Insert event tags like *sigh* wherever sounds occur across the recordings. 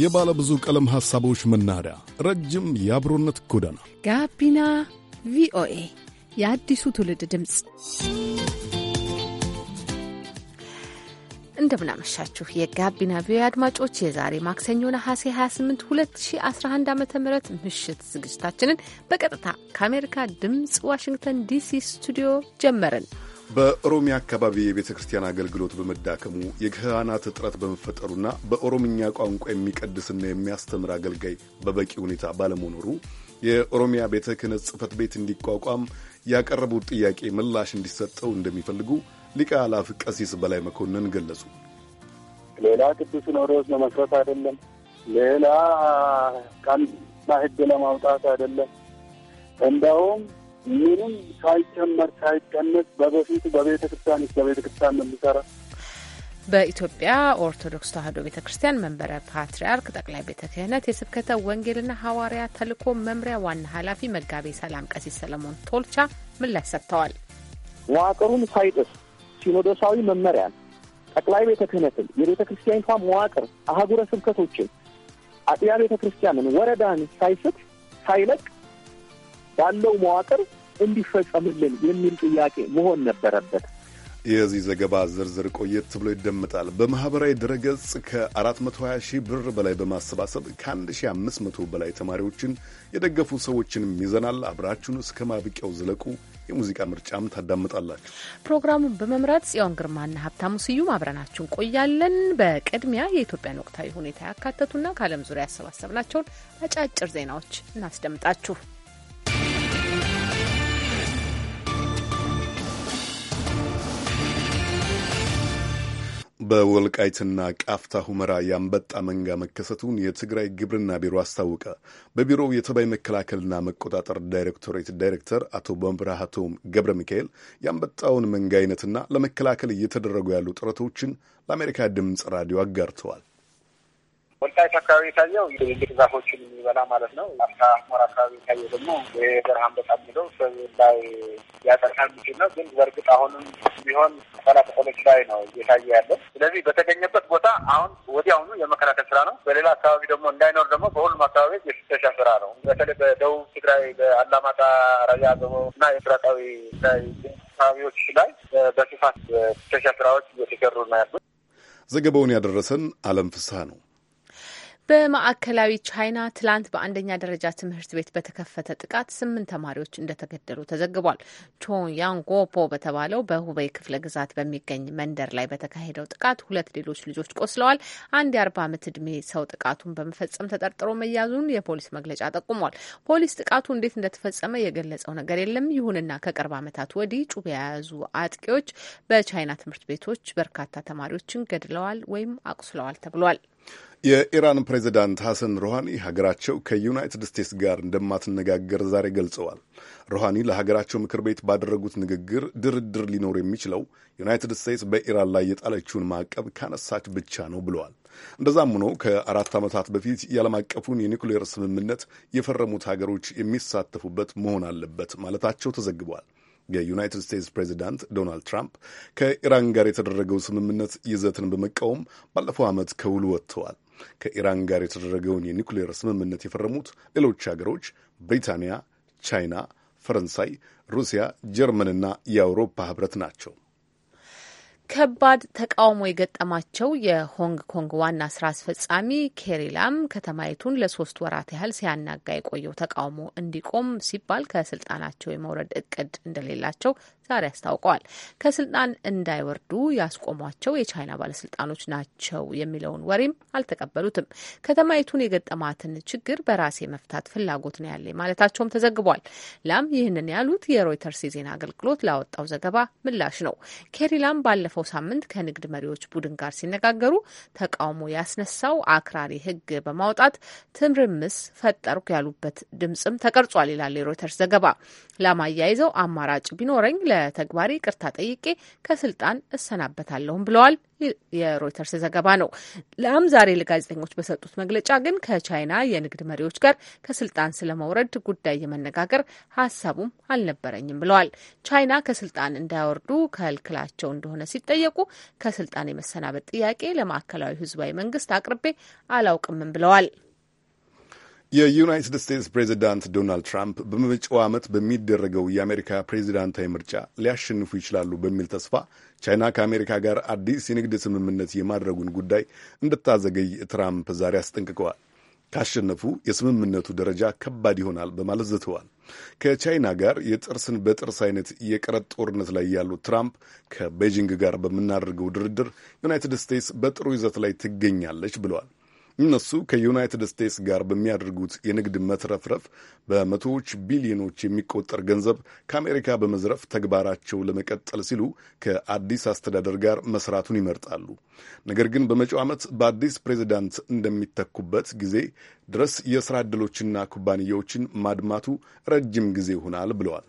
የባለ ብዙ ቀለም ሐሳቦች መናኸሪያ፣ ረጅም የአብሮነት ጎዳና ጋቢና ቪኦኤ የአዲሱ ትውልድ ድምፅ። እንደምናመሻችሁ የጋቢና ቪኦኤ አድማጮች፣ የዛሬ ማክሰኞ ነሐሴ 28 2011 ዓ ም ምሽት ዝግጅታችንን በቀጥታ ከአሜሪካ ድምፅ ዋሽንግተን ዲሲ ስቱዲዮ ጀመርን። በኦሮሚያ አካባቢ የቤተ ክርስቲያን አገልግሎት በመዳከሙ የካህናት እጥረት በመፈጠሩና በኦሮምኛ ቋንቋ የሚቀድስና የሚያስተምር አገልጋይ በበቂ ሁኔታ ባለመኖሩ የኦሮሚያ ቤተ ክህነት ጽሕፈት ቤት እንዲቋቋም ያቀረቡት ጥያቄ ምላሽ እንዲሰጠው እንደሚፈልጉ ሊቀ አላፍ ቀሲስ በላይ መኮንን ገለጹ። ሌላ ቅዱስ ሲኖዶስ ለመስረት አይደለም፣ ሌላ ቀንና ሕግ ለማውጣት አይደለም፣ እንደውም ምንም ሳይጨመር ሳይቀነስ በበፊቱ በቤተ ክርስቲያን ስ በቤተ ክርስቲያን ነው የሚሰራ። በኢትዮጵያ ኦርቶዶክስ ተዋሕዶ ቤተ ክርስቲያን መንበረ ፓትርያርክ ጠቅላይ ቤተ ክህነት የስብከተ ወንጌልና ሐዋርያ ተልእኮ መምሪያ ዋና ኃላፊ መጋቤ ሰላም ቀሲስ ሰለሞን ቶልቻ ምላሽ ሰጥተዋል። መዋቅሩን ሳይጥስ ሲኖዶሳዊ መመሪያን፣ ጠቅላይ ቤተ ክህነትን፣ የቤተ ክርስቲያኒቷ መዋቅር አህጉረ ስብከቶችን፣ አጥቢያ ቤተ ክርስቲያንን፣ ወረዳን ሳይስት ሳይለቅ ባለው መዋቅር እንዲፈጸምልን የሚል ጥያቄ መሆን ነበረበት። የዚህ ዘገባ ዝርዝር ቆየት ብሎ ይደመጣል። በማኅበራዊ ድረገጽ ከ420 ሺህ ብር በላይ በማሰባሰብ ከ1500 በላይ ተማሪዎችን የደገፉ ሰዎችንም ይዘናል። አብራችሁን እስከ ማብቂያው ዝለቁ። የሙዚቃ ምርጫም ታዳምጣላችሁ። ፕሮግራሙን በመምራት ጽዮን ግርማና ሀብታሙ ስዩም አብረናችሁን ቆያለን። በቅድሚያ የኢትዮጵያን ወቅታዊ ሁኔታ ያካተቱና ከዓለም ዙሪያ ያሰባሰብናቸውን አጫጭር ዜናዎች እናስደምጣችሁ። በወልቃይትና ቃፍታ ሁመራ የአንበጣ መንጋ መከሰቱን የትግራይ ግብርና ቢሮ አስታወቀ። በቢሮው የተባይ መከላከልና መቆጣጠር ዳይሬክቶሬት ዳይሬክተር አቶ በምብርሃቶም ገብረ ሚካኤል የአንበጣውን መንጋ አይነትና ለመከላከል እየተደረጉ ያሉ ጥረቶችን ለአሜሪካ ድምፅ ራዲዮ አጋርተዋል። ወልቃይት አካባቢ የታየው የትልቅ ዛፎችን የሚበላ ማለት ነው። አፍታ ሞር አካባቢ የታየው ደግሞ የበረሃ አንበጣ የሚለው ሰብ ላይ ያጠቃ የሚችል ነው። ግን በእርግጥ አሁንም ቢሆን ቅጠላ ላይ ነው እየታየ ያለው። ስለዚህ በተገኘበት ቦታ አሁን ወዲያውኑ የመከላከል ስራ ነው። በሌላ አካባቢ ደግሞ እንዳይኖር ደግሞ በሁሉም አካባቢ የፍተሻ ስራ ነው። በተለይ በደቡብ ትግራይ በአላማጣ፣ ራያ አዘቦ እና የምስራቃዊ ላይ አካባቢዎች ላይ በስፋት ፍተሻ ስራዎች እየተሰሩ ነው ያሉት። ዘገባውን ያደረሰን አለም ፍስሐ ነው። በማዕከላዊ ቻይና ትላንት በአንደኛ ደረጃ ትምህርት ቤት በተከፈተ ጥቃት ስምንት ተማሪዎች እንደተገደሉ ተዘግቧል። ቾያንጎፖ በተባለው በሁበይ ክፍለ ግዛት በሚገኝ መንደር ላይ በተካሄደው ጥቃት ሁለት ሌሎች ልጆች ቆስለዋል። አንድ የአርባ ዓመት ዕድሜ ሰው ጥቃቱን በመፈጸም ተጠርጥሮ መያዙን የፖሊስ መግለጫ ጠቁሟል። ፖሊስ ጥቃቱ እንዴት እንደተፈጸመ የገለጸው ነገር የለም። ይሁንና ከቅርብ ዓመታት ወዲህ ጩቤ የያዙ አጥቂዎች በቻይና ትምህርት ቤቶች በርካታ ተማሪዎችን ገድለዋል ወይም አቁስለዋል ተብሏል። የኢራን ፕሬዚዳንት ሐሰን ሮሃኒ ሀገራቸው ከዩናይትድ ስቴትስ ጋር እንደማትነጋገር ዛሬ ገልጸዋል። ሮሃኒ ለሀገራቸው ምክር ቤት ባደረጉት ንግግር ድርድር ሊኖር የሚችለው ዩናይትድ ስቴትስ በኢራን ላይ የጣለችውን ማዕቀብ ካነሳች ብቻ ነው ብለዋል። እንደዛም ሆኖ ከአራት ዓመታት በፊት የዓለም አቀፉን የኒውክሌር ስምምነት የፈረሙት ሀገሮች የሚሳተፉበት መሆን አለበት ማለታቸው ተዘግቧል። የዩናይትድ ስቴትስ ፕሬዚዳንት ዶናልድ ትራምፕ ከኢራን ጋር የተደረገው ስምምነት ይዘትን በመቃወም ባለፈው ዓመት ከውል ወጥተዋል። ከኢራን ጋር የተደረገውን የኒውክሌር ስምምነት የፈረሙት ሌሎች ሀገሮች ብሪታንያ፣ ቻይና፣ ፈረንሳይ፣ ሩሲያ፣ ጀርመንና የአውሮፓ ህብረት ናቸው። ከባድ ተቃውሞ የገጠማቸው የሆንግ ኮንግ ዋና ስራ አስፈጻሚ ኬሪ ላም ከተማይቱን ለሶስት ወራት ያህል ሲያናጋ የቆየው ተቃውሞ እንዲቆም ሲባል ከስልጣናቸው የመውረድ እቅድ እንደሌላቸው ዛሬ አስታውቀዋል። ከስልጣን እንዳይወርዱ ያስቆሟቸው የቻይና ባለስልጣኖች ናቸው የሚለውን ወሬም አልተቀበሉትም። ከተማይቱን የገጠማትን ችግር በራሴ መፍታት ፍላጎት ነው ያለ ማለታቸውም ተዘግቧል። ላም ይህንን ያሉት የሮይተርስ የዜና አገልግሎት ላወጣው ዘገባ ምላሽ ነው። ኬሪ ላም ባለፈው ሳምንት ከንግድ መሪዎች ቡድን ጋር ሲነጋገሩ ተቃውሞ ያስነሳው አክራሪ ህግ በማውጣት ትርምስ ፈጠርኩ ያሉበት ድምጽም ተቀርጿል ይላል የሮይተርስ ዘገባ። ላም አያይዘው አማራጭ ቢኖረኝ ለ በተግባር ይቅርታ ጠይቄ ከስልጣን እሰናበታለሁም ብለዋል። የሮይተርስ ዘገባ ነው። ለአም ዛሬ ለጋዜጠኞች በሰጡት መግለጫ ግን ከቻይና የንግድ መሪዎች ጋር ከስልጣን ስለመውረድ ጉዳይ የመነጋገር ሀሳቡም አልነበረኝም ብለዋል። ቻይና ከስልጣን እንዳያወርዱ ከልክላቸው እንደሆነ ሲጠየቁ ከስልጣን የመሰናበት ጥያቄ ለማዕከላዊ ህዝባዊ መንግስት አቅርቤ አላውቅምም ብለዋል። የዩናይትድ ስቴትስ ፕሬዚዳንት ዶናልድ ትራምፕ በመጪው ዓመት በሚደረገው የአሜሪካ ፕሬዚዳንታዊ ምርጫ ሊያሸንፉ ይችላሉ በሚል ተስፋ ቻይና ከአሜሪካ ጋር አዲስ የንግድ ስምምነት የማድረጉን ጉዳይ እንድታዘገይ ትራምፕ ዛሬ አስጠንቅቀዋል። ካሸነፉ የስምምነቱ ደረጃ ከባድ ይሆናል በማለት ዝተዋል። ከቻይና ጋር የጥርስን በጥርስ አይነት የቀረጥ ጦርነት ላይ ያሉት ትራምፕ ከቤጂንግ ጋር በምናደርገው ድርድር ዩናይትድ ስቴትስ በጥሩ ይዘት ላይ ትገኛለች ብለዋል። እነሱ ከዩናይትድ ስቴትስ ጋር በሚያደርጉት የንግድ መትረፍረፍ በመቶዎች ቢሊዮኖች የሚቆጠር ገንዘብ ከአሜሪካ በመዝረፍ ተግባራቸው ለመቀጠል ሲሉ ከአዲስ አስተዳደር ጋር መስራቱን ይመርጣሉ። ነገር ግን በመጪው ዓመት በአዲስ ፕሬዚዳንት እንደሚተኩበት ጊዜ ድረስ የስራ ዕድሎችና ኩባንያዎችን ማድማቱ ረጅም ጊዜ ይሆናል ብለዋል።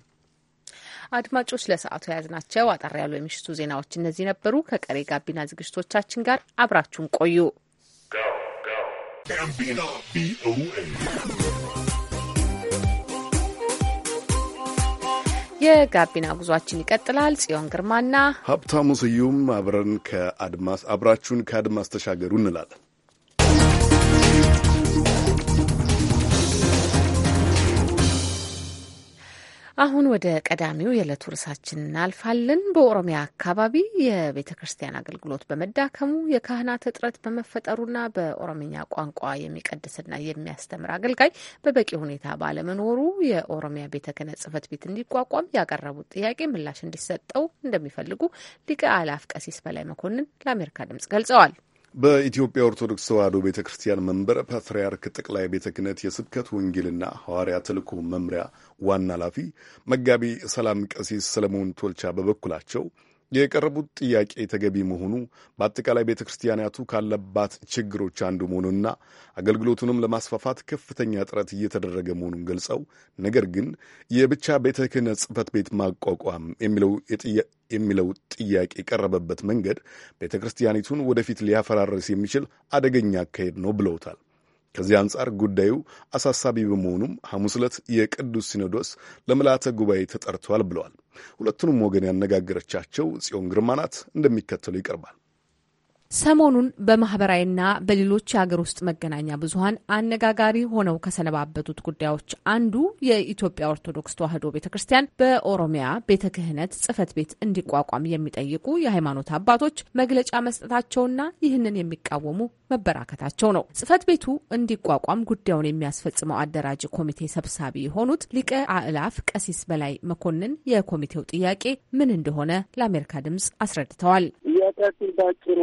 አድማጮች ለሰዓቱ የያዝናቸው አጠር ያሉ የምሽቱ ዜናዎች እነዚህ ነበሩ። ከቀሬ ጋቢና ዝግጅቶቻችን ጋር አብራችሁን ቆዩ። ጋቢና VOA. የጋቢና ጉዟችን ይቀጥላል። ጽዮን ግርማና ሀብታሙ ስዩም አብረን ከአድማስ አብራችሁን ከአድማስ ተሻገሩ እንላለን። አሁን ወደ ቀዳሚው የዕለቱ ርዕሳችን እናልፋለን። በኦሮሚያ አካባቢ የቤተ ክርስቲያን አገልግሎት በመዳከሙ የካህናት እጥረት በመፈጠሩና በኦሮሚኛ ቋንቋ የሚቀድስና የሚያስተምር አገልጋይ በበቂ ሁኔታ ባለመኖሩ የኦሮሚያ ቤተ ክህነት ጽሕፈት ቤት እንዲቋቋም ያቀረቡት ጥያቄ ምላሽ እንዲሰጠው እንደሚፈልጉ ሊቀ አላፍ ቀሲስ በላይ መኮንን ለአሜሪካ ድምጽ ገልጸዋል። በኢትዮጵያ ኦርቶዶክስ ተዋሕዶ ቤተ ክርስቲያን መንበረ ፓትርያርክ ጠቅላይ ቤተ ክህነት የስብከት ወንጌልና ሐዋርያ ተልእኮ መምሪያ ዋና ኃላፊ መጋቢ ሰላም ቀሲስ ሰለሞን ቶልቻ በበኩላቸው የቀረቡት ጥያቄ ተገቢ መሆኑ በአጠቃላይ ቤተ ክርስቲያናቱ ካለባት ችግሮች አንዱ መሆኑና አገልግሎቱንም ለማስፋፋት ከፍተኛ ጥረት እየተደረገ መሆኑን ገልጸው ነገር ግን የብቻ ቤተ ክህነት ጽሕፈት ቤት ማቋቋም የሚለው ጥያቄ የቀረበበት መንገድ ቤተ ክርስቲያኒቱን ወደፊት ሊያፈራርስ የሚችል አደገኛ አካሄድ ነው ብለውታል። ከዚህ አንጻር ጉዳዩ አሳሳቢ በመሆኑም ሐሙስ ዕለት የቅዱስ ሲኖዶስ ለምልአተ ጉባኤ ተጠርቷል ብለዋል። ሁለቱንም ወገን ያነጋገረቻቸው ጽዮን ግርማ ናት፣ እንደሚከተሉ ይቀርባል። ሰሞኑን በማህበራዊና በሌሎች የሀገር ውስጥ መገናኛ ብዙኃን አነጋጋሪ ሆነው ከሰነባበቱት ጉዳዮች አንዱ የኢትዮጵያ ኦርቶዶክስ ተዋሕዶ ቤተ ክርስቲያን በኦሮሚያ ቤተ ክህነት ጽሕፈት ቤት እንዲቋቋም የሚጠይቁ የሃይማኖት አባቶች መግለጫ መስጠታቸውና ይህንን የሚቃወሙ መበራከታቸው ነው። ጽሕፈት ቤቱ እንዲቋቋም ጉዳዩን የሚያስፈጽመው አደራጅ ኮሚቴ ሰብሳቢ የሆኑት ሊቀ አእላፍ ቀሲስ በላይ መኮንን የኮሚቴው ጥያቄ ምን እንደሆነ ለአሜሪካ ድምጽ አስረድተዋል። ጥያቄያችን ባጭሩ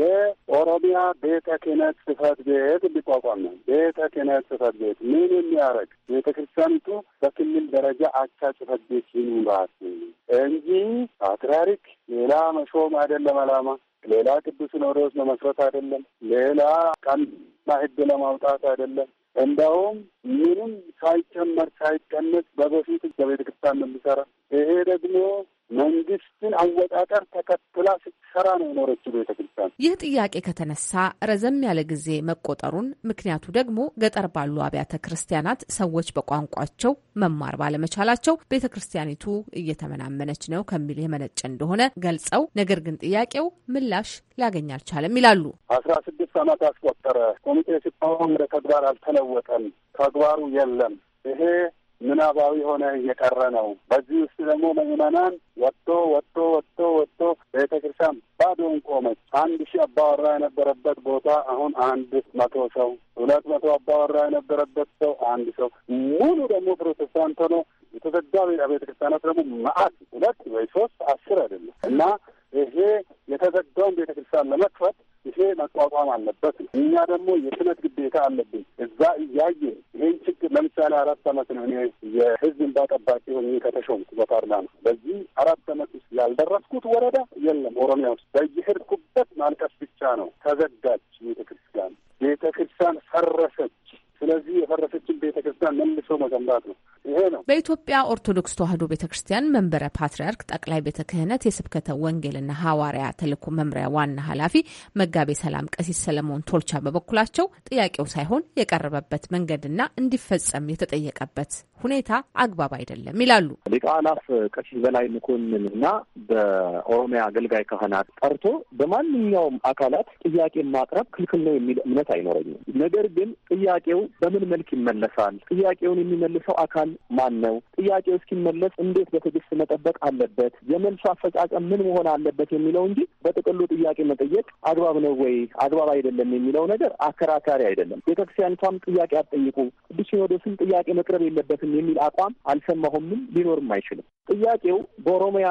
የኦሮሚያ ቤተ ክህነት ጽህፈት ቤት እንዲቋቋም ነው። ቤተ ክህነት ጽህፈት ቤት ምን የሚያደርግ ቤተ ክርስቲያኒቱ በክልል ደረጃ አቻ ጽህፈት ቤት ይኑራት እንጂ ፓትርያርክ ሌላ መሾም አይደለም አላማ ሌላ ቅዱስ ሲኖዶስ ለመስረት አይደለም። ሌላ ቀንና ህግ ለማውጣት አይደለም። እንደውም ምንም ሳይጨመር ሳይቀነስ በበፊት በቤተ ክርስቲያን ነው የሚሰራ። ይሄ ደግሞ መንግስትን አወጣጠር ተከትላ ስትሰራ ነው የኖረችው ቤተ ክርስቲያን። ይህ ጥያቄ ከተነሳ ረዘም ያለ ጊዜ መቆጠሩን፣ ምክንያቱ ደግሞ ገጠር ባሉ አብያተ ክርስቲያናት ሰዎች በቋንቋቸው መማር ባለመቻላቸው ቤተ ክርስቲያኒቱ እየተመናመነች ነው ከሚል የመነጨ እንደሆነ ገልጸው፣ ነገር ግን ጥያቄው ምላሽ ሊያገኝ አልቻለም ይላሉ። አስራ ስድስት ዓመት አስቆጠረ። ኮሚቴ ሲታወን ወደ ተግባር አልተለወጠም። ተግባሩ የለም። ይሄ ምናባዊ ሆነ እየቀረ ነው። በዚህ ውስጥ ደግሞ ምዕመናን ወጥቶ ወጥቶ ወጥቶ ወጥቶ ቤተ ክርስቲያን ባዶን ቆመች። አንድ ሺህ አባወራ የነበረበት ቦታ አሁን አንድ መቶ ሰው፣ ሁለት መቶ አባወራ የነበረበት ሰው አንድ ሰው ሙሉ ደግሞ ፕሮቴስታንት ሆኖ የተዘጋ ቤተ ክርስቲያናት ደግሞ መአት ሁለት ወይ ሶስት አስር አይደለም እና ይሄ የተዘጋውን ቤተ ክርስቲያን ለመክፈት ይሄ መቋቋም አለበት። እኛ ደግሞ የስነት ግዴታ አለብኝ። እዛ እያየ ይህን ችግር ለምሳሌ አራት አመት ነው እኔ የህዝብ እንባ ጠባቂ ሆኜ ከተሾምኩ በፓርላማ። በዚህ አራት አመት ውስጥ ያልደረስኩት ወረዳ የለም ኦሮሚያ ውስጥ በየሄድኩ በኢትዮጵያ ኦርቶዶክስ ተዋሕዶ ቤተ ክርስቲያን መንበረ ፓትርያርክ ጠቅላይ ቤተ ክህነት የስብከተ ወንጌልና ሐዋርያ ተልእኮ መምሪያ ዋና ኃላፊ መጋቤ ሰላም ቀሲስ ሰለሞን ቶልቻ በበኩላቸው ጥያቄው ሳይሆን የቀረበበት መንገድና እንዲፈጸም የተጠየቀበት ሁኔታ አግባብ አይደለም ይላሉ። ሊቃላፍ ቀሲስ በላይ መኮንን በኦሮሚያ አገልጋይ ካህናት ጠርቶ በማንኛውም አካላት ጥያቄ ማቅረብ ክልክል ነው የሚል እምነት አይኖረኝም። ነገር ግን ጥያቄው በምን መልክ ይመለሳል? ጥያቄውን የሚመልሰው አካል ማን ነው? ጥያቄው እስኪመለስ እንዴት በትዕግስት መጠበቅ አለበት? የመልሶ አፈጻጸም ምን መሆን አለበት የሚለው እንጂ በጥቅሉ ጥያቄ መጠየቅ አግባብ ነው ወይ አግባብ አይደለም የሚለው ነገር አከራካሪ አይደለም። ቤተክርስቲያኒቷም ጥያቄ አትጠይቁ፣ ቅዱስ ሲኖዶስም ጥያቄ መቅረብ የለበትም የሚል አቋም አልሰማሁምም፣ ሊኖርም አይችልም። ጥያቄው በኦሮሚያ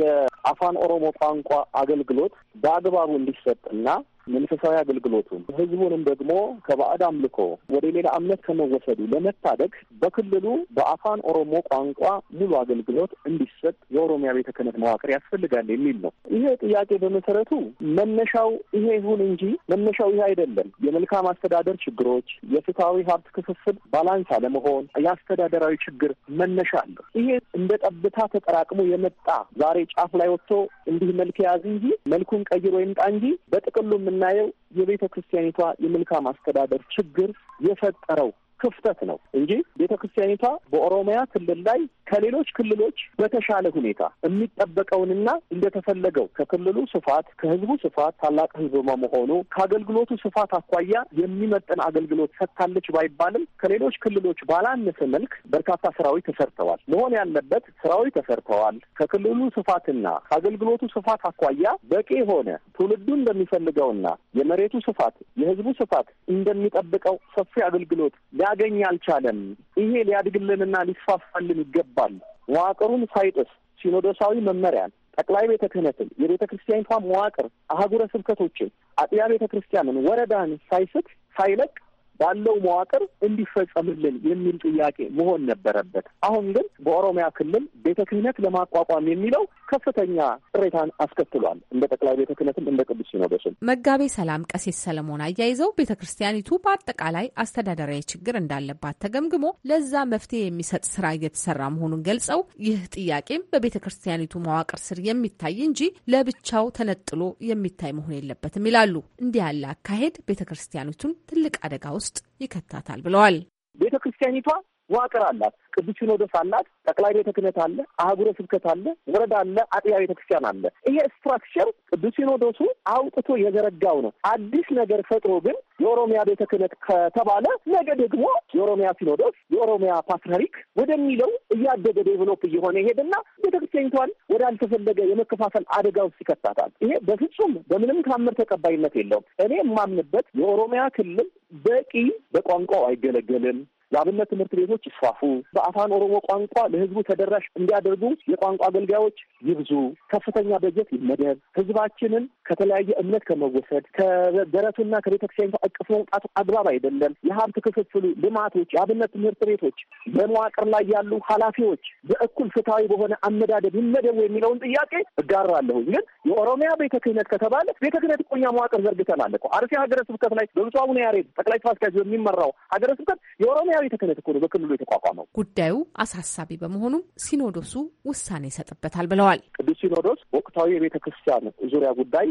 የአፋን ኦሮሞ ቋንቋ አገልግሎት በአግባቡ እንዲሰጥና መንፈሳዊ አገልግሎቱን ህዝቡንም ደግሞ ከባዕድ አምልኮ ወደ ሌላ እምነት ከመወሰዱ ለመታደግ በክልሉ በአፋን ኦሮሞ ቋንቋ ሙሉ አገልግሎት እንዲሰጥ የኦሮሚያ ቤተ ክህነት መዋቅር ያስፈልጋል የሚል ነው። ይሄ ጥያቄ በመሰረቱ መነሻው ይሄ ይሁን እንጂ መነሻው ይሄ አይደለም። የመልካም አስተዳደር ችግሮች፣ የፍትሐዊ ሀብት ክፍፍል ባላንስ አለመሆን፣ የአስተዳደራዊ ችግር መነሻ አለ። ይሄ እንደ ጠብታ ተጠራቅሞ የመጣ ዛሬ ጫፍ ላይ ወጥቶ እንዲህ መልክ የያዝ እንጂ መልኩን ቀይሮ ይምጣ እንጂ በጥቅሉ የምናየው የቤተ ክርስቲያኒቷ የመልካም አስተዳደር ችግር የፈጠረው ክፍተት ነው እንጂ ቤተ ክርስቲያኒቷ በኦሮሚያ ክልል ላይ ከሌሎች ክልሎች በተሻለ ሁኔታ የሚጠበቀውንና እንደተፈለገው ከክልሉ ስፋት፣ ከህዝቡ ስፋት ታላቅ ህዝብ በመሆኑ ከአገልግሎቱ ስፋት አኳያ የሚመጥን አገልግሎት ሰጥታለች ባይባልም ከሌሎች ክልሎች ባላነሰ መልክ በርካታ ስራዎች ተሰርተዋል። መሆን ያለበት ስራዎች ተሰርተዋል። ከክልሉ ስፋትና ከአገልግሎቱ ስፋት አኳያ በቂ የሆነ ትውልዱ እንደሚፈልገውና የመሬቱ ስፋት የህዝቡ ስፋት እንደሚጠብቀው ሰፊ አገልግሎት ሊያገኝ አልቻለም። ይሄ ሊያድግልንና ሊስፋፋልን ይገባል። መዋቅሩን ሳይጥስ ሲኖዶሳዊ መመሪያን፣ ጠቅላይ ቤተ ክህነትን፣ የቤተ ክርስቲያኒቷን መዋቅር፣ አህጉረ ስብከቶችን፣ አጥቢያ ቤተ ክርስቲያንን፣ ወረዳን ሳይስት ሳይለቅ ባለው መዋቅር እንዲፈጸምልን የሚል ጥያቄ መሆን ነበረበት። አሁን ግን በኦሮሚያ ክልል ቤተ ክህነት ለማቋቋም የሚለው ከፍተኛ ቅሬታን አስከትሏል። እንደ ጠቅላይ ቤተ ክህነትም እንደ ቅዱስ ሲኖዶስም። መጋቤ ሰላም ቀሴት ሰለሞን አያይዘው ቤተ ክርስቲያኒቱ በአጠቃላይ አስተዳደራዊ ችግር እንዳለባት ተገምግሞ ለዛ መፍትሄ የሚሰጥ ስራ እየተሰራ መሆኑን ገልጸው ይህ ጥያቄም በቤተ ክርስቲያኒቱ መዋቅር ስር የሚታይ እንጂ ለብቻው ተነጥሎ የሚታይ መሆን የለበትም ይላሉ። እንዲህ ያለ አካሄድ ቤተ ክርስቲያኒቱን ትልቅ አደጋ ውስጥ ውስጥ ይከታታል ብለዋል። ቤተ ክርስቲያኒቷ መዋቅር አላት። ቅዱስ ሲኖዶስ አላት። ጠቅላይ ቤተ ክህነት አለ። አህጉረ ስብከት አለ። ወረዳ አለ። አጥቢያ ቤተ ክርስቲያን አለ። ይሄ ስትራክቸር ቅዱስ ሲኖዶሱ አውጥቶ የዘረጋው ነው። አዲስ ነገር ፈጥሮ ግን የኦሮሚያ ቤተ ክህነት ከተባለ ነገ ደግሞ የኦሮሚያ ሲኖዶስ፣ የኦሮሚያ ፓትርያርክ ወደሚለው እያደገ ዴቨሎፕ እየሆነ ይሄድና ቤተ ክርስቲያኒቷን ወዳልተፈለገ የመከፋፈል አደጋ ውስጥ ይከታታል። ይሄ በፍጹም በምንም ታምር ተቀባይነት የለውም። እኔ የማምንበት የኦሮሚያ ክልል በቂ በቋንቋው አይገለገልም የአብነት ትምህርት ቤቶች ይስፋፉ፣ በአፋን ኦሮሞ ቋንቋ ለህዝቡ ተደራሽ እንዲያደርጉ የቋንቋ አገልጋዮች ይብዙ፣ ከፍተኛ በጀት ይመደብ፣ ህዝባችንን ከተለያየ እምነት ከመወሰድ ከደረቱና ከቤተክርስቲያን ተቀቅፎ መውጣቱ አግባብ አይደለም። የሀብት ክፍፍሉ፣ ልማቶች፣ የአብነት ትምህርት ቤቶች በመዋቅር ላይ ያሉ ኃላፊዎች በእኩል ፍትሐዊ በሆነ አመዳደብ ይመደቡ የሚለውን ጥያቄ እጋራለሁኝ። ግን የኦሮሚያ ቤተ ክህነት ከተባለ ቤተ ክህነት እኮ እኛ መዋቅር ዘርግተናል እኮ አርሲ ሀገረ ስብከት ላይ በብፁዕ አቡነ ያሬድ ጠቅላይ ስብከት በሚመራው ሀገረ ስብከት የኦሮሚያ የተከለተ ነው በክልሉ የተቋቋመው። ጉዳዩ አሳሳቢ በመሆኑም ሲኖዶሱ ውሳኔ ይሰጥበታል ብለዋል። ቅዱስ ሲኖዶስ ወቅታዊ የቤተ ክርስቲያን ዙሪያ ጉዳይ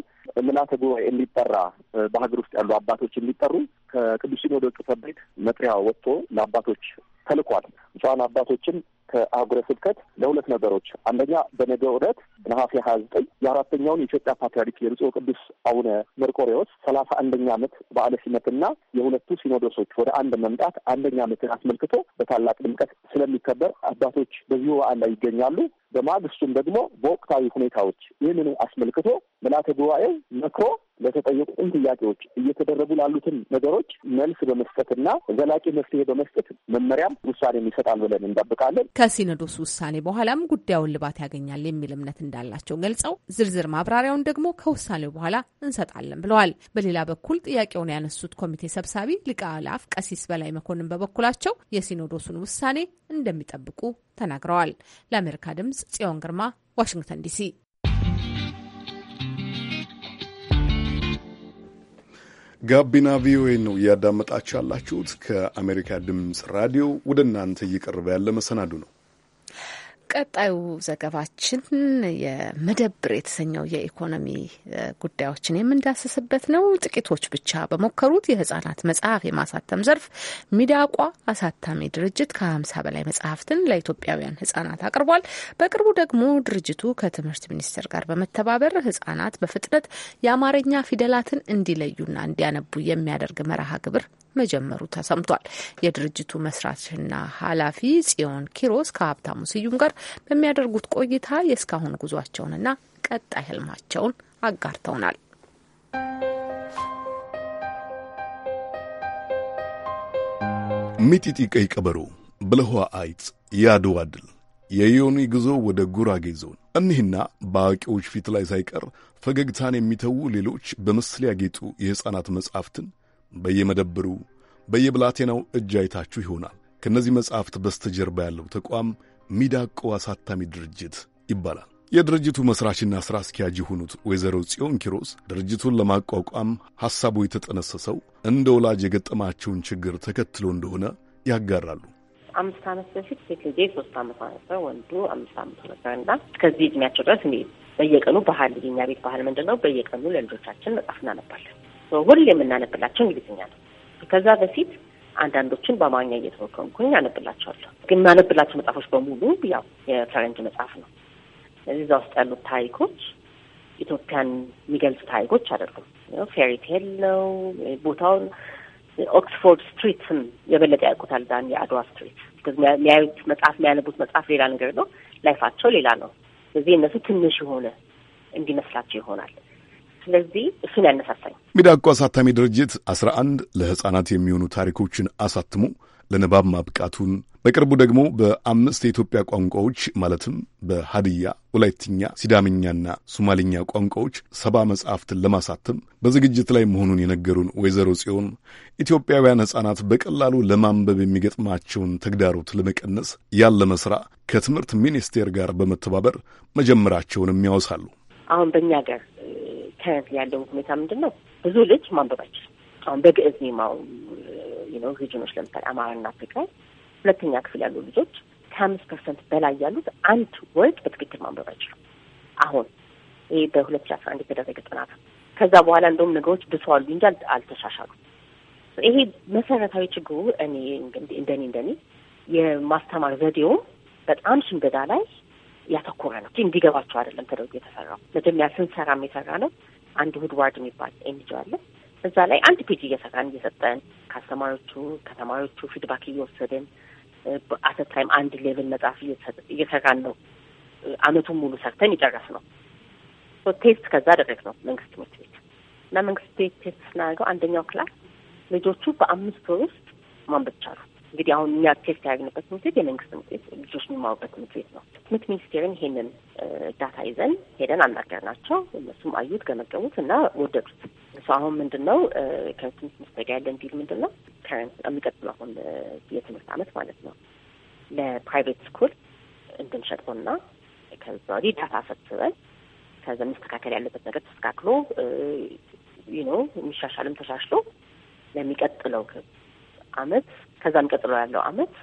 ምልዓተ ጉባኤ እንዲጠራ በሀገር ውስጥ ያሉ አባቶች እንዲጠሩ ከቅዱስ ሲኖዶስ ጽሕፈት ቤት መጥሪያ ወጥቶ ለአባቶች ተልኳል። ብፁዓን አባቶችን ከአህጉረ ስብከት ለሁለት ነገሮች፣ አንደኛ በነገ ዕለት ነሐሴ ሀያ ዘጠኝ የአራተኛውን የኢትዮጵያ ፓትርያርክ የብፁዕ ቅዱስ አቡነ መርቆሬዎስ ሰላሳ አንደኛ ዓመት በዓለ ሲመትና የሁለቱ ሲኖዶሶች ወደ አንድ መምጣት አንደኛ ዓመትን አስመልክቶ በታላቅ ድምቀት ስለሚከበር አባቶች በዚሁ በዓል ላይ ይገኛሉ። በማግስቱም ደግሞ በወቅታዊ ሁኔታዎች ይህንኑ አስመልክቶ ምልዓተ ጉባኤው መክሮ ለተጠየቁትን ጥያቄዎች እየተደረጉ ላሉትን ነገሮች መልስ በመስጠትና ዘላቂ መፍትሄ በመስጠት መመሪያም ውሳኔም ይሰጣል ብለን እንጠብቃለን። ከሲኖዶስ ውሳኔ በኋላም ጉዳዩን ልባት ያገኛል የሚል እምነት እንዳላቸው ገልጸው ዝርዝር ማብራሪያውን ደግሞ ከውሳኔው በኋላ እንሰጣለን ብለዋል። በሌላ በኩል ጥያቄውን ያነሱት ኮሚቴ ሰብሳቢ ሊቀ አላፍ ቀሲስ በላይ መኮንን በበኩላቸው የሲኖዶሱን ውሳኔ እንደሚጠብቁ ተናግረዋል። ለአሜሪካ ድምጽ ጽዮን ግርማ፣ ዋሽንግተን ዲሲ። ጋቢና ቪኦኤ ነው እያዳመጣችሁ ያላችሁት። ከአሜሪካ ድምፅ ራዲዮ ወደ እናንተ እየቀረበ ያለ መሰናዱ ነው። ቀጣዩ ዘገባችን የመደብር የተሰኘው የኢኮኖሚ ጉዳዮችን የምንዳስስበት ነው። ጥቂቶች ብቻ በሞከሩት የህጻናት መጽሐፍ የማሳተም ዘርፍ ሚዳቋ አሳታሚ ድርጅት ከ በላይ መጽሐፍትን ለኢትዮጵያውያን ህጻናት አቅርቧል። በቅርቡ ደግሞ ድርጅቱ ከትምህርት ሚኒስቴር ጋር በመተባበር ህጻናት በፍጥነት የአማርኛ ፊደላትን እንዲለዩና እንዲያነቡ የሚያደርግ መርሃ ግብር መጀመሩ ተሰምቷል። የድርጅቱ መስራችና ኃላፊ ጽዮን ኪሮስ ከሀብታሙ ስዩም ጋር በሚያደርጉት ቆይታ የእስካሁን ጉዟቸውንና ቀጣይ ህልማቸውን አጋርተውናል። ሚጢጢ ቀይ ቀበሮ፣ ብለህዋ አይጽ የአድዋ ድል፣ የዮኒ ጉዞ ወደ ጉራጌ ዞን እኒህና በአዋቂዎች ፊት ላይ ሳይቀር ፈገግታን የሚተዉ ሌሎች በምስል ያጌጡ የሕፃናት መጻሕፍትን በየመደብሩ በየብላቴናው እጅ አይታችሁ ይሆናል። ከእነዚህ መጽሐፍት በስተጀርባ ያለው ተቋም ሚዳቆ አሳታሚ ድርጅት ይባላል። የድርጅቱ መስራችና ሥራ አስኪያጅ የሆኑት ወይዘሮ ጽዮን ኪሮስ ድርጅቱን ለማቋቋም ሐሳቡ የተጠነሰሰው እንደ ወላጅ የገጠማቸውን ችግር ተከትሎ እንደሆነ ያጋራሉ። አምስት ዓመት በፊት ሴት ልጄ ሶስት ዓመቷ ነበር፣ ወንዱ አምስት ዓመቱ ነበር እና እስከዚህ እድሜያቸው ድረስ በየቀኑ ባህል የኛ ቤት ባህል ምንድን ነው? በየቀኑ ለልጆቻችን መጽሐፍ እናነባለን። ሁሌ የምናነብላቸው እንግሊዝኛ ነው። ከዛ በፊት አንዳንዶችን በአማርኛ እየተወከምኩኝ አነብላቸዋለሁ። ግን የማነብላቸው መጽሐፎች በሙሉ ያው የፈረንጅ መጽሐፍ ነው። እዛ ውስጥ ያሉት ታሪኮች ኢትዮጵያን የሚገልጹ ታሪኮች አይደሉም። ፌሪቴል ነው። ቦታውን ኦክስፎርድ ስትሪትም የበለጠ ያውቁታል ዳን የአድዋ ስትሪት። የሚያዩት መጽሐፍ የሚያነቡት መጽሐፍ ሌላ ነገር ነው። ላይፋቸው ሌላ ነው። ስለዚህ እነሱ ትንሽ የሆነ እንዲመስላቸው ይሆናል። ስለዚህ እሱን ያነሳሳኝ። ሚዳቋ አሳታሚ ድርጅት አስራ አንድ ለህጻናት የሚሆኑ ታሪኮችን አሳትሞ ለንባብ ማብቃቱን በቅርቡ ደግሞ በአምስት የኢትዮጵያ ቋንቋዎች ማለትም በሀድያ፣ ወላይትኛ፣ ሲዳምኛና ሶማሊኛ ቋንቋዎች ሰባ መጽሐፍትን ለማሳተም በዝግጅት ላይ መሆኑን የነገሩን ወይዘሮ ጽዮን ኢትዮጵያውያን ሕፃናት በቀላሉ ለማንበብ የሚገጥማቸውን ተግዳሮት ለመቀነስ ያለመ ሥራ ከትምህርት ሚኒስቴር ጋር በመተባበር መጀመራቸውንም ያወሳሉ። አሁን በእኛ ሀገር ከረንት ያለው ሁኔታ ምንድን ነው? ብዙ ልጅ ማንበብ አይችልም። አሁን በግዕዝ ዜማው ሪጅኖች ለምሳሌ አማራና ትግራይ ሁለተኛ ክፍል ያሉ ልጆች ከአምስት ፐርሰንት በላይ ያሉት አንድ ወርድ በትክክል ማንበብ አይችሉም። አሁን ይህ በሁለት ሺ አስራ አንድ የተደረገ ጥናት ከዛ በኋላ እንደውም ነገሮች ብሰዋሉ እንጂ አልተሻሻሉ። ይሄ መሰረታዊ ችግሩ እኔ እንደኔ እንደኔ የማስተማር ዘዴውም በጣም ሽንገዳ ላይ ያተኮረ ነው እንዲገባቸው አይደለም ተደርጎ የተሰራው። መጀመሪያ ስንሰራም የሰራ ነው አንድ ሁድዋርድ የሚባል ኤንጂ አለ። እዛ ላይ አንድ ፔጅ እየሰራን እየሰጠን ከአስተማሪዎቹ ከተማሪዎቹ ፊድባክ እየወሰድን አሰት ታይም አንድ ሌቭል መጽሐፍ እየሰራን ነው። አመቱን ሙሉ ሰርተን ይጨረስ ነው። ቴስት ከዛ ደረግ ነው መንግስት ትምህርት ቤት እና መንግስት ቤት ቴስት ስናደርገው አንደኛው ክላስ ልጆቹ በአምስት ወር ውስጥ ማንበብ ቻሉ። እንግዲህ አሁን እኛ ቴስት ያደረግንበት ትምህርት ቤት የመንግስት ትምህርት ቤት ልጆች የሚማሩበት ትምህርት ቤት ነው። ትምህርት ሚኒስቴርን ይሄንን እርዳታ ይዘን ሄደን አናገርናቸው። እነሱም አዩት፣ ገመገሙት እና ወደዱት። እሱ አሁን ምንድን ነው ከትምህርት ሚኒስቴር ጋር ያለን ዲል ምንድን ነው ከረንት የሚቀጥሉ አሁን የትምህርት አመት ማለት ነው ለፕራይቬት ስኩል እንድንሸጥሆና ከዛ ወዲህ ዳታ ሰብስበን ከዛ መስተካከል ያለበት ነገር ተስተካክሎ ዩ ኖ የሚሻሻልም ተሻሽሎ ለሚቀጥለው አመት ከዛም ቀጥሎ ያለው አመት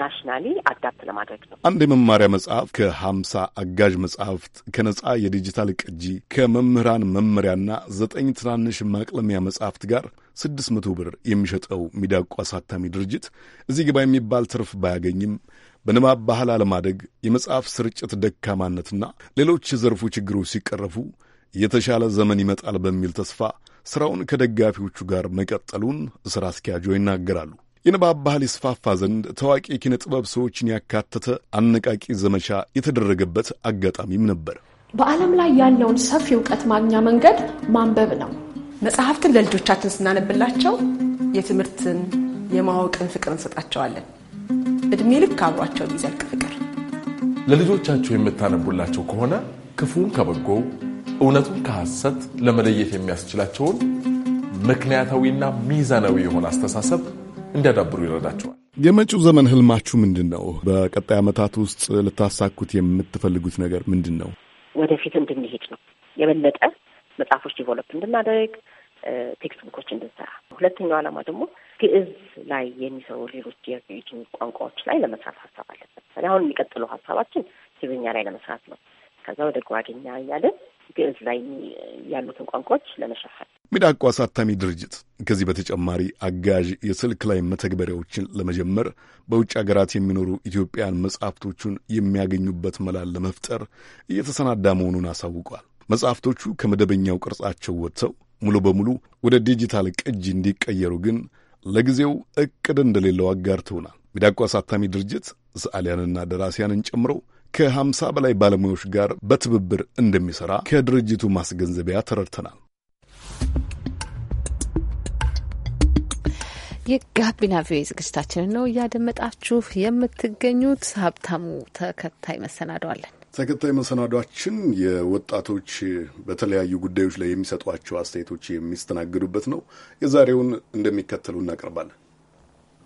ናሽናሊ አዳፕት ለማድረግ ነው። አንድ የመማሪያ መጽሐፍ ከሀምሳ አጋዥ መጽሐፍት ከነጻ የዲጂታል ቅጂ ከመምህራን መመሪያና ዘጠኝ ትናንሽ ማቅለሚያ መጽሐፍት ጋር ስድስት መቶ ብር የሚሸጠው ሚዳቋ አሳታሚ ድርጅት እዚህ ግባ የሚባል ትርፍ ባያገኝም በንባብ ባህል አለማደግ፣ የመጽሐፍ ስርጭት ደካማነትና ሌሎች የዘርፉ ችግሮች ሲቀረፉ የተሻለ ዘመን ይመጣል በሚል ተስፋ ስራውን ከደጋፊዎቹ ጋር መቀጠሉን ስራ አስኪያጁ ይናገራሉ። የንባብ ባህል ይስፋፋ ዘንድ ታዋቂ ኪነ ጥበብ ሰዎችን ያካተተ አነቃቂ ዘመቻ የተደረገበት አጋጣሚም ነበር። በዓለም ላይ ያለውን ሰፊ እውቀት ማግኛ መንገድ ማንበብ ነው። መጽሐፍትን ለልጆቻችን ስናነብላቸው የትምህርትን የማወቅን ፍቅር እንሰጣቸዋለን። እድሜ ልክ አብሯቸው የሚዘልቅ ፍቅር። ለልጆቻቸው የምታነቡላቸው ከሆነ ክፉን ከበጎው እውነቱን ከሐሰት ለመለየት የሚያስችላቸውን ምክንያታዊና ሚዛናዊ የሆነ አስተሳሰብ እንዲያዳብሩ ይረዳቸዋል። የመጪው ዘመን ህልማችሁ ምንድን ነው? በቀጣይ ዓመታት ውስጥ ልታሳኩት የምትፈልጉት ነገር ምንድን ነው? ወደፊት እንድንሄድ ነው። የበለጠ መጽሐፎች ዲቨሎፕ እንድናደርግ፣ ቴክስት ቡኮች እንድንሰራ። ሁለተኛው ዓላማ ደግሞ ግዕዝ ላይ የሚሰሩ ሌሎች የሪጅን ቋንቋዎች ላይ ለመስራት ሀሳብ አለበት። አሁን የሚቀጥለው ሀሳባችን ትግርኛ ላይ ለመስራት ነው። ከዛ ወደ ጓደኛ እያለን ግዕዝ ላይ ያሉትን ቋንቋዎች ለመሸፈን ሚዳቋ አሳታሚ ድርጅት ከዚህ በተጨማሪ አጋዥ የስልክ ላይ መተግበሪያዎችን ለመጀመር በውጭ ሀገራት የሚኖሩ ኢትዮጵያን መጽሐፍቶቹን የሚያገኙበት መላል ለመፍጠር እየተሰናዳ መሆኑን አሳውቋል። መጽሐፍቶቹ ከመደበኛው ቅርጻቸው ወጥተው ሙሉ በሙሉ ወደ ዲጂታል ቅጂ እንዲቀየሩ ግን ለጊዜው እቅድ እንደሌለው አጋርተውናል። ሚዳቋ አሳታሚ ድርጅት ሰዓሊያንና ደራሲያንን ጨምሮ ከ50 በላይ ባለሙያዎች ጋር በትብብር እንደሚሰራ ከድርጅቱ ማስገንዘቢያ ተረድተናል። የጋቢና ቪኦኤ ዝግጅታችንን ነው እያደመጣችሁ የምትገኙት። ሀብታሙ ተከታይ መሰናደዋለን። ተከታይ መሰናዷችን የወጣቶች በተለያዩ ጉዳዮች ላይ የሚሰጧቸው አስተያየቶች የሚስተናግዱበት ነው። የዛሬውን እንደሚከተሉ እናቀርባለን።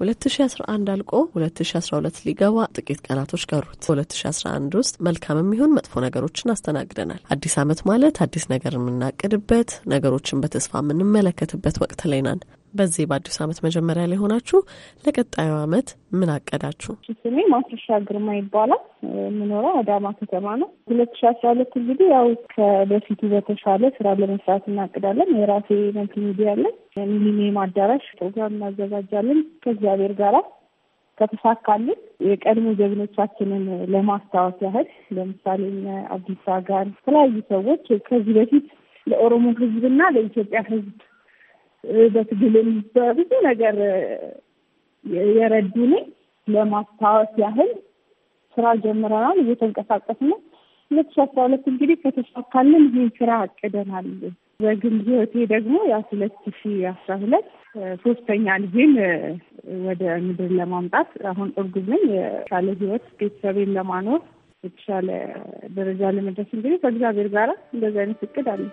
2011 አልቆ 2012 ሊገባ ጥቂት ቀናቶች ቀሩት። 2011 ውስጥ መልካም የሚሆን መጥፎ ነገሮችን አስተናግደናል። አዲስ ዓመት ማለት አዲስ ነገር የምናቅድበት ነገሮችን በተስፋ የምንመለከትበት ወቅት ላይ ናን። በዚህ በአዲስ ዓመት መጀመሪያ ላይ ሆናችሁ ለቀጣዩ ዓመት ምን አቀዳችሁ? ስሜ ማስረሻ ግርማ ይባላል። የምኖረው አዳማ ከተማ ነው። ሁለት ሺ አስራ ሁለት እንግዲህ ያው ከበፊቱ በተሻለ ስራ ለመስራት እናቅዳለን። የራሴ መልክ ሚዲያ አለን። ሚሊኒየም አዳራሽ ፕሮግራም እናዘጋጃለን ከእግዚአብሔር ጋራ ከተሳካልን የቀድሞ ጀግኖቻችንን ለማስታወስ ያህል ለምሳሌ አብዲሳ ጋር የተለያዩ ሰዎች ከዚህ በፊት ለኦሮሞ ህዝብና ለኢትዮጵያ ህዝብ በትግልም በብዙ ነገር የረዱኔ ለማስታወስ ያህል ስራ ጀምረናል፣ እየተንቀሳቀስ ነው። ሁለት ሺ አስራ ሁለት እንግዲህ ከተሳካልን ይህን ስራ አቅደናል። በግም ህይወቴ ደግሞ ያው ሁለት ሺ አስራ ሁለት ሶስተኛ ልጄን ወደ ምድር ለማምጣት አሁን እርጉዝ ነኝ። የተሻለ ህይወት ቤተሰቤን ለማኖር የተሻለ ደረጃ ለመድረስ እንግዲህ ከእግዚአብሔር ጋር እንደዚህ አይነት እቅድ አለ።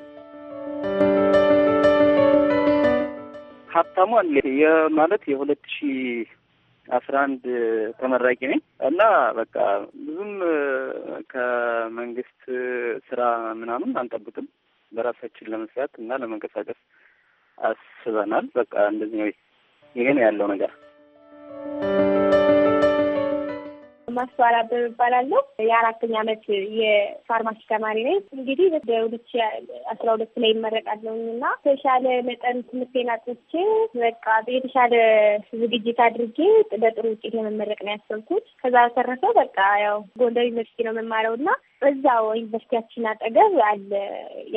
ሀብታሙ አለ የማለት የሁለት ሺ አስራ አንድ ተመራቂ ነኝ እና በቃ ብዙም ከመንግስት ስራ ምናምን አንጠብቅም። በራሳችን ለመስራት እና ለመንቀሳቀስ አስበናል። በቃ እንደዚህ ነው። ይሄ ነው ያለው ነገር። ማስተዋል አበበ እባላለሁ። የአራተኛ ዓመት የፋርማሲ ተማሪ ነኝ። እንግዲህ በሁለት አስራ ሁለት ላይ ይመረቃለሁኝ እና የተሻለ መጠን ትምህርቴን አጥቼ በቃ የተሻለ ዝግጅት አድርጌ በጥሩ ውጤት ለመመረቅ ነው ያሰብኩት። ከዛ በተረፈ በቃ ያው ጎንደር ዩኒቨርሲቲ ነው የምማረው እና እዛው ዩኒቨርሲቲያችን አጠገብ አለ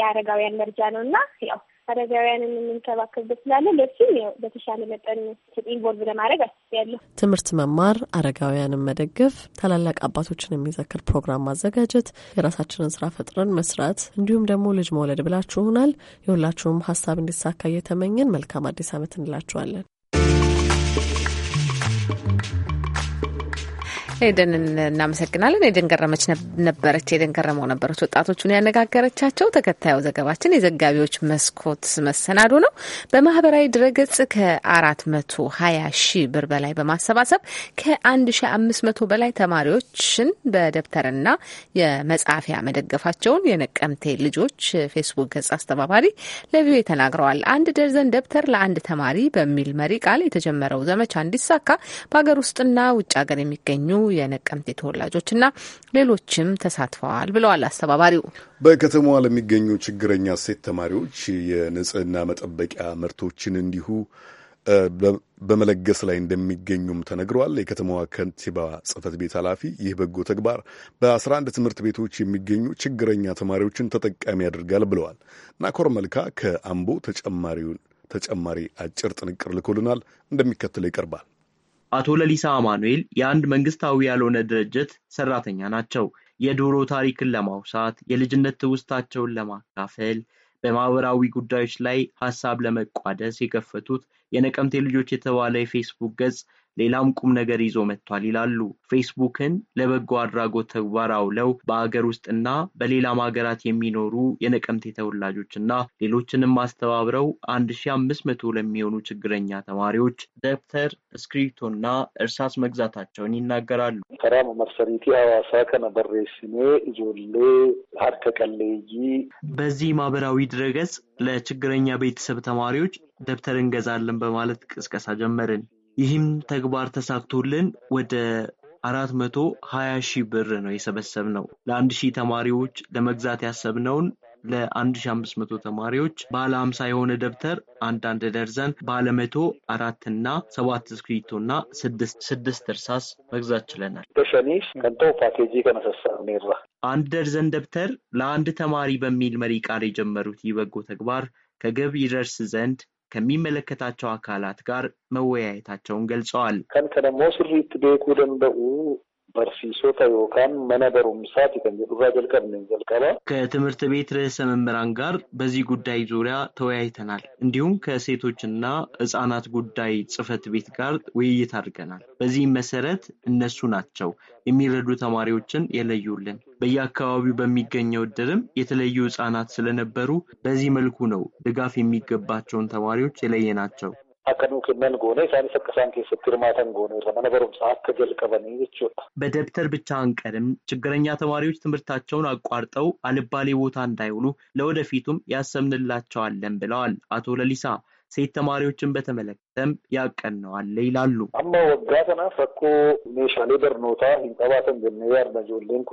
የአረጋውያን መርጃ ነው እና ያው አረጋውያንን የምንከባከብበት ስላለ ለሱም ያው በተሻለ መጠን ኢንቮልቭ ለማድረግ አስቤያለሁ። ትምህርት መማር፣ አረጋውያንን መደገፍ፣ ታላላቅ አባቶችን የሚዘክር ፕሮግራም ማዘጋጀት፣ የራሳችንን ስራ ፈጥረን መስራት እንዲሁም ደግሞ ልጅ መውለድ ብላችሁናል። የሁላችሁም ሀሳብ እንዲሳካ እየተመኘን መልካም አዲስ ዓመት እንላችኋለን። ኤደንን እናመሰግናለን። ኤደን ገረመች ነበረች። ኤደን ገረመው ነበረች ወጣቶቹን ያነጋገረቻቸው። ተከታዩ ዘገባችን የዘጋቢዎች መስኮት መሰናዶ ነው። በማህበራዊ ድረገጽ ከ420 ሺህ ብር በላይ በማሰባሰብ ከ1500 በላይ ተማሪዎችን በደብተርና የመጻፊያ መደገፋቸውን የነቀምቴ ልጆች ፌስቡክ ገጽ አስተባባሪ ለቪኦኤ ተናግረዋል። አንድ ደርዘን ደብተር ለአንድ ተማሪ በሚል መሪ ቃል የተጀመረው ዘመቻ እንዲሳካ በሀገር ውስጥና ውጭ ሀገር የሚገኙ የነቀምቴ ተወላጆችና ሌሎችም ተሳትፈዋል ብለዋል አስተባባሪው። በከተማዋ ለሚገኙ ችግረኛ ሴት ተማሪዎች የንጽህና መጠበቂያ ምርቶችን እንዲሁ በመለገስ ላይ እንደሚገኙም ተነግረዋል። የከተማዋ ከንቲባ ጽህፈት ቤት ኃላፊ ይህ በጎ ተግባር በ11 ትምህርት ቤቶች የሚገኙ ችግረኛ ተማሪዎችን ተጠቃሚ ያደርጋል ብለዋል። ናኮር መልካ ከአምቦ ተጨማሪ አጭር ጥንቅር ልኮልናል፣ እንደሚከተለው ይቀርባል። አቶ ለሊሳ አማኑኤል የአንድ መንግስታዊ ያልሆነ ድርጅት ሰራተኛ ናቸው። የድሮ ታሪክን ለማውሳት የልጅነት ትውስታቸውን ለማካፈል በማህበራዊ ጉዳዮች ላይ ሀሳብ ለመቋደስ የከፈቱት የነቀምቴ ልጆች የተባለ የፌስቡክ ገጽ ሌላም ቁም ነገር ይዞ መጥቷል ይላሉ። ፌስቡክን ለበጎ አድራጎት ተግባር አውለው በአገር ውስጥና በሌላም ሀገራት የሚኖሩ የነቀምቴ ተወላጆችና ሌሎችንም አስተባብረው 1500 ለሚሆኑ ችግረኛ ተማሪዎች ደብተር እስክሪብቶና እርሳስ መግዛታቸውን ይናገራሉ። ከራም መሰሪቲ ሀዋሳ ስሜ እዞሌ ሀርከቀሌይ በዚህ ማህበራዊ ድረገጽ ለችግረኛ ቤተሰብ ተማሪዎች ደብተር እንገዛለን በማለት ቅስቀሳ ጀመርን። ይህም ተግባር ተሳክቶልን ወደ አራት መቶ ሀያ ሺህ ብር ነው የሰበሰብነው። ለአንድ ሺህ ተማሪዎች ለመግዛት ያሰብነውን ለአንድ አምስት መቶ ተማሪዎች ባለ አምሳ የሆነ ደብተር አንዳንድ ደርዘን ባለ መቶ አራትና ሰባት እስክሪብቶ እና ስድስት ስድስት እርሳስ መግዛት ችለናል። አንድ ደርዘን ደብተር ለአንድ ተማሪ በሚል መሪ ቃል የጀመሩት ይህ በጎ ተግባር ከግብ ይደርስ ዘንድ ከሚመለከታቸው አካላት ጋር መወያየታቸውን ገልጸዋል። ከንተ ደግሞ ስሪት ቤኩ ደንበኡ barsiisota yookaan mana barumsaati kan irraa jalqabne jalqaba. ከትምህርት ቤት ርዕሰ መምህራን ጋር በዚህ ጉዳይ ዙሪያ ተወያይተናል። እንዲሁም ከሴቶችና ህጻናት ጉዳይ ጽህፈት ቤት ጋር ውይይት አድርገናል። በዚህም መሰረት እነሱ ናቸው የሚረዱ ተማሪዎችን የለዩልን። በየአካባቢው በሚገኘው እድርም የተለዩ ህጻናት ስለነበሩ በዚህ መልኩ ነው ድጋፍ የሚገባቸውን ተማሪዎች የለየናቸው። akkanuu kennan goone isaanis akka isaan keessatti hirmaatan goone irra mana barumsaa akka jalqabanii jechuudha. በደብተር ብቻ አንቀንም ችግረኛ ተማሪዎች ትምህርታቸውን አቋርጠው አልባሌ ቦታ እንዳይውሉ ለወደፊቱም ያሰብንላቸዋለን ብለዋል አቶ ለሊሳ። ሴት ተማሪዎችን በተመለከተም ያቀነዋል ይላሉ።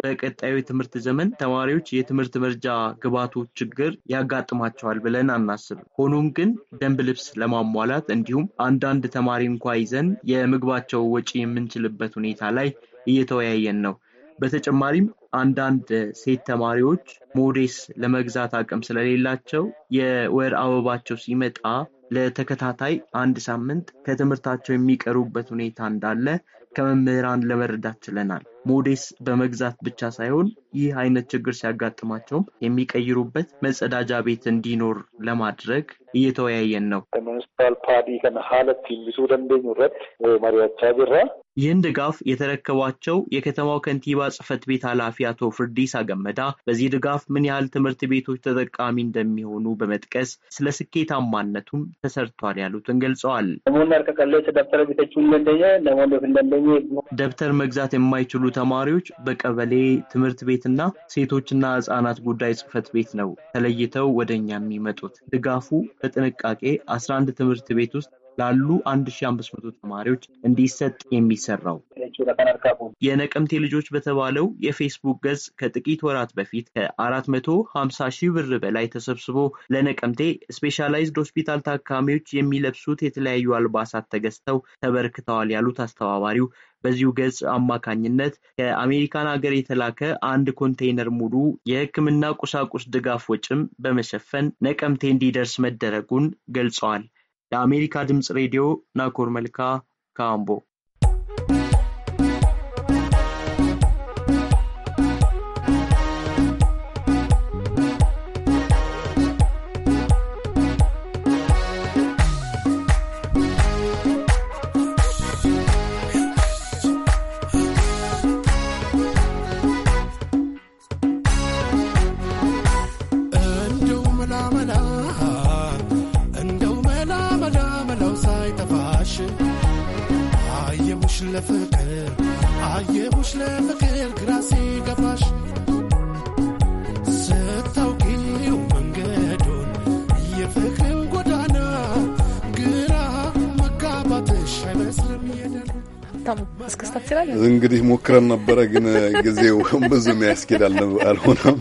በቀጣዩ የትምህርት ዘመን ተማሪዎች የትምህርት መርጃ ግብዓቶች ችግር ያጋጥማቸዋል ብለን አናስብም። ሆኖም ግን ደንብ ልብስ ለማሟላት እንዲሁም አንዳንድ ተማሪ እንኳ ይዘን የምግባቸው ወጪ የምንችልበት ሁኔታ ላይ እየተወያየን ነው። በተጨማሪም አንዳንድ ሴት ተማሪዎች ሞዴስ ለመግዛት አቅም ስለሌላቸው የወር አበባቸው ሲመጣ ለተከታታይ አንድ ሳምንት ከትምህርታቸው የሚቀሩበት ሁኔታ እንዳለ ከመምህራን ለመረዳት ችለናል ሞዴስ በመግዛት ብቻ ሳይሆን ይህ አይነት ችግር ሲያጋጥማቸውም የሚቀይሩበት መጸዳጃ ቤት እንዲኖር ለማድረግ እየተወያየን ነው። ይህን ድጋፍ የተረከቧቸው የከተማው ከንቲባ ጽህፈት ቤት ኃላፊ አቶ ፍርዲስ አገመዳ በዚህ ድጋፍ ምን ያህል ትምህርት ቤቶች ተጠቃሚ እንደሚሆኑ በመጥቀስ ስለ ስኬታማነቱም ተሰርቷል ያሉትን ገልጸዋል። ደብተር መግዛት የማይችሉ ተማሪዎች በቀበሌ ትምህርት ቤትና ሴቶችና ህጻናት ጉዳይ ጽህፈት ቤት ነው ተለይተው ወደ እኛ የሚመጡት። ድጋፉ በጥንቃቄ 11 ትምህርት ቤት ውስጥ ላሉ 1500 ተማሪዎች እንዲሰጥ የሚሰራው የነቀምቴ ልጆች በተባለው የፌስቡክ ገጽ ከጥቂት ወራት በፊት ከ450 ሺህ ብር በላይ ተሰብስቦ ለነቀምቴ ስፔሻላይዝድ ሆስፒታል ታካሚዎች የሚለብሱት የተለያዩ አልባሳት ተገዝተው ተበርክተዋል ያሉት አስተባባሪው በዚሁ ገጽ አማካኝነት ከአሜሪካን ሀገር የተላከ አንድ ኮንቴይነር ሙሉ የሕክምና ቁሳቁስ ድጋፍ ወጪም በመሸፈን ነቀምቴ እንዲደርስ መደረጉን ገልጸዋል። ለአሜሪካ ድምፅ ሬዲዮ ናኮር መልካ ካምቦ ለፍቅር አየሁሽ ለፍቅር ግራ ሲገባሽ ስታውቂው መንገዱን የፍቅርን ጎዳና ግራ መጋባትሽ አይመስልም የደር እስክስታት እንግዲህ ሞክረን ነበረ፣ ግን ጊዜው ብዙም ያስኬድ አልሆነም።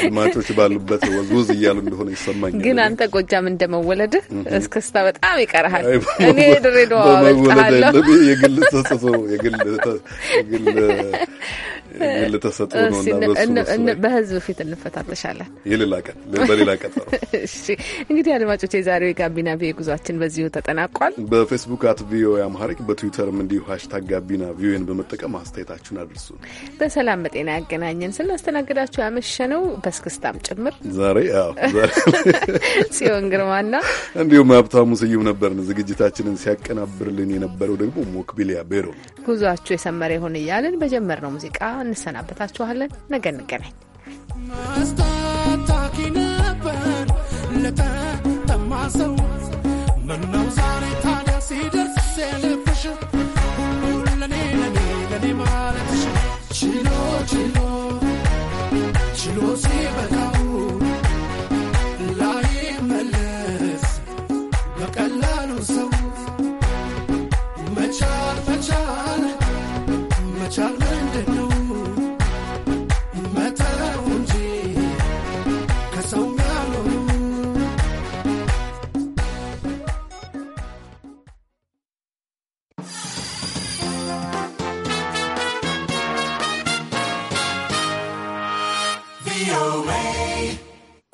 አድማጮች ባሉበት ወዝውዝ እያሉ እንደሆነ ይሰማኛል። ግን አንተ ጎጃም እንደመወለድህ እስክስታ በጣም ይቀርሃል። እኔ ድሬዳዋ የግል ተጽቶ የግል የግል በህዝብ ፊት እንፈታተሻለን። የሌላ ቀን በሌላ ቀጠሮ። *laughs* እሺ እንግዲህ አድማጮች፣ የዛሬው የጋቢና ቪኦኤ ጉዟችን በዚሁ ተጠናቋል። በፌስቡክ አት ቪኦኤ አምሃሪክ፣ በትዊተርም እንዲሁ ሀሽታግ ጋቢና ቪኦኤን በመጠቀም አስተያየታችሁን አድርሱ። በሰላም በጤና ያገናኘን። ስናስተናግዳችሁ ያመሸነው በስክስታም ጭምር ዛሬ *laughs* ጽዮን ግርማና *laughs* እንዲሁም ሀብታሙ ስዩም ነበርን። ዝግጅታችንን ሲያቀናብርልን የነበረው ደግሞ ሞክቢሊያ ቤሮ። ጉዟችሁ የሰመረ ይሁን እያልን በጀመርነው ሙዚቃ እንሰናበታችኋለን። ነገ እንገናኝ። ማስታታኪ ነበር ሰው ዛሬ ታዲያ ሲደርስ የልብሽ ሁሉ ለኔ